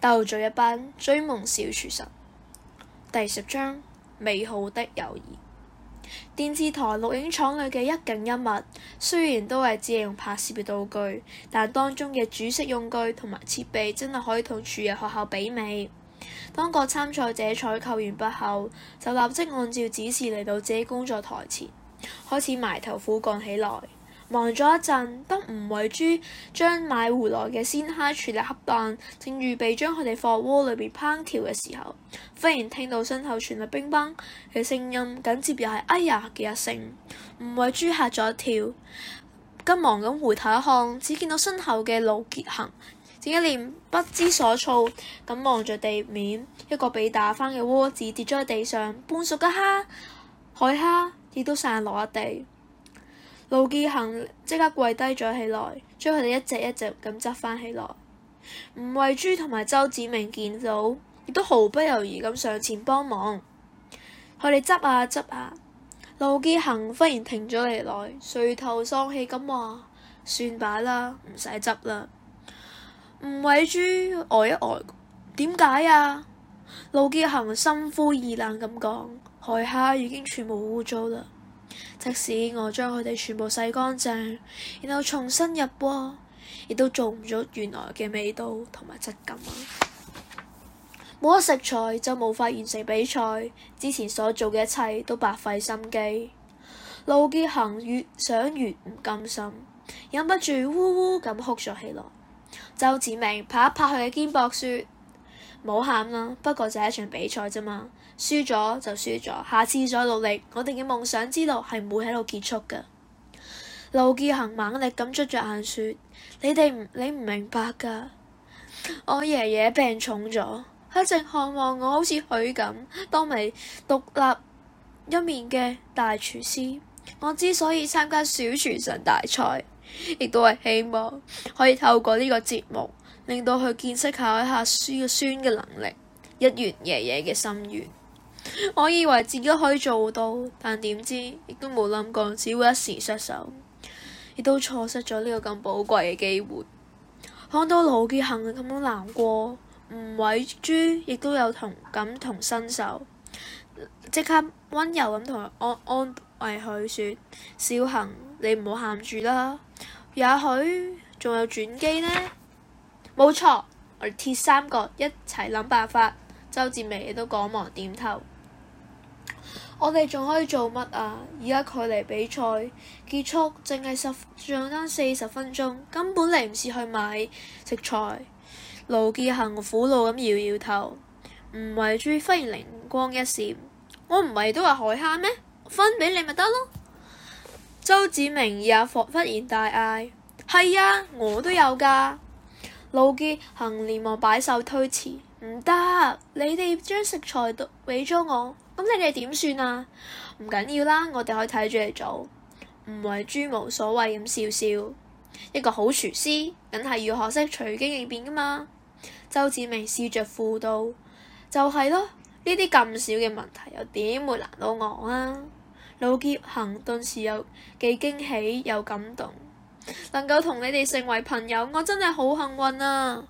鬥嘴一班追夢小廚神，第十章美好的友誼。電視台錄影廠裏嘅一景一物，雖然都係借用拍攝嘅道具，但當中嘅煮食用具同埋設備真係可以同廚藝學校媲美。當個參賽者採購完畢後，就立即按照指示嚟到自己工作台前，開始埋頭苦幹起來。忙咗一陣，當吳慧珠將買回來嘅鮮蝦處理妥當，正預備將佢哋放鍋裏邊烹調嘅時候，忽然聽到身後傳嚟乒乓嘅聲音，緊接又係哎呀嘅一聲，吳慧珠嚇咗一跳，急忙咁回頭一看，只見到身後嘅路傑行正一臉不知所措咁望著地面，一個被打翻嘅鍋子跌咗喺地上，半熟嘅蝦海蝦亦都散落一地。盧建恒即刻跪低咗起來，將佢哋一隻一隻咁執返起來。吳慧珠同埋周子明見到，亦都毫不猶豫咁上前幫忙。佢哋執啊執啊，盧建恒忽然停咗嚟，來垂頭喪氣咁話：算罷啦，唔使執啦。吳慧珠呆、呃、一呆、呃，點解啊？盧建恒心灰意冷咁講：海蝦已經全部污糟啦。即使我將佢哋全部洗乾淨，然後重新入鍋，亦都做唔咗原來嘅味道同埋質感啊！冇咗 食材就無法完成比賽，之前所做嘅一切都白費心機。路建行越想越唔甘心，忍不住嗚嗚咁哭咗起來。周志明拍一拍佢嘅肩膊，說：冇喊啦，不過就係一場比賽啫嘛。輸咗就輸咗，下次再努力。我哋嘅夢想之路係唔會喺度結束噶。路建行猛力咁捽著眼說：你哋唔你唔明白噶。我爺爺病重咗，一直渴望我好似佢咁，當埋獨立一面嘅大廚師。我之所以參加小廚神大賽，亦都係希望可以透過呢個節目，令到佢見識一下一下孫嘅能力，一圓爺爺嘅心願。 我以為自己可以做到，但點知亦都冇諗過只會一時失手，亦都錯失咗呢個咁寶貴嘅機會。看到劉傑恒咁樣難過，吳偉珠亦都有同感同身受，即刻溫柔咁同佢安安慰佢說：小恒，你唔好喊住啦，也許仲有轉機呢？冇錯，我哋鐵三角一齊諗辦法。周志明亦都趕忙點頭。我哋仲可以做乜啊？而家距離比賽結束淨係十，仲有四十分鐘，根本嚟唔切去買食材。盧傑恒苦惱咁搖搖頭，唔係朱忽然靈光一閃，我唔係都話海蝦咩？分畀你咪得咯。周子明也霍忽然大嗌：係啊，我都有㗎！盧傑恒連忙擺手推辭，唔得，你哋將食材都畀咗我。咁你哋點算啊？唔緊要啦，我哋可以睇住嚟做，吳慧珠冇所謂咁笑笑。一個好廚師，梗係要學識隨機應變噶嘛。周志明笑着附道：就係、是、咯，呢啲咁小嘅問題，又點會難到我啊？老杰行頓時又既驚喜又感動，能夠同你哋成為朋友，我真係好幸運啊！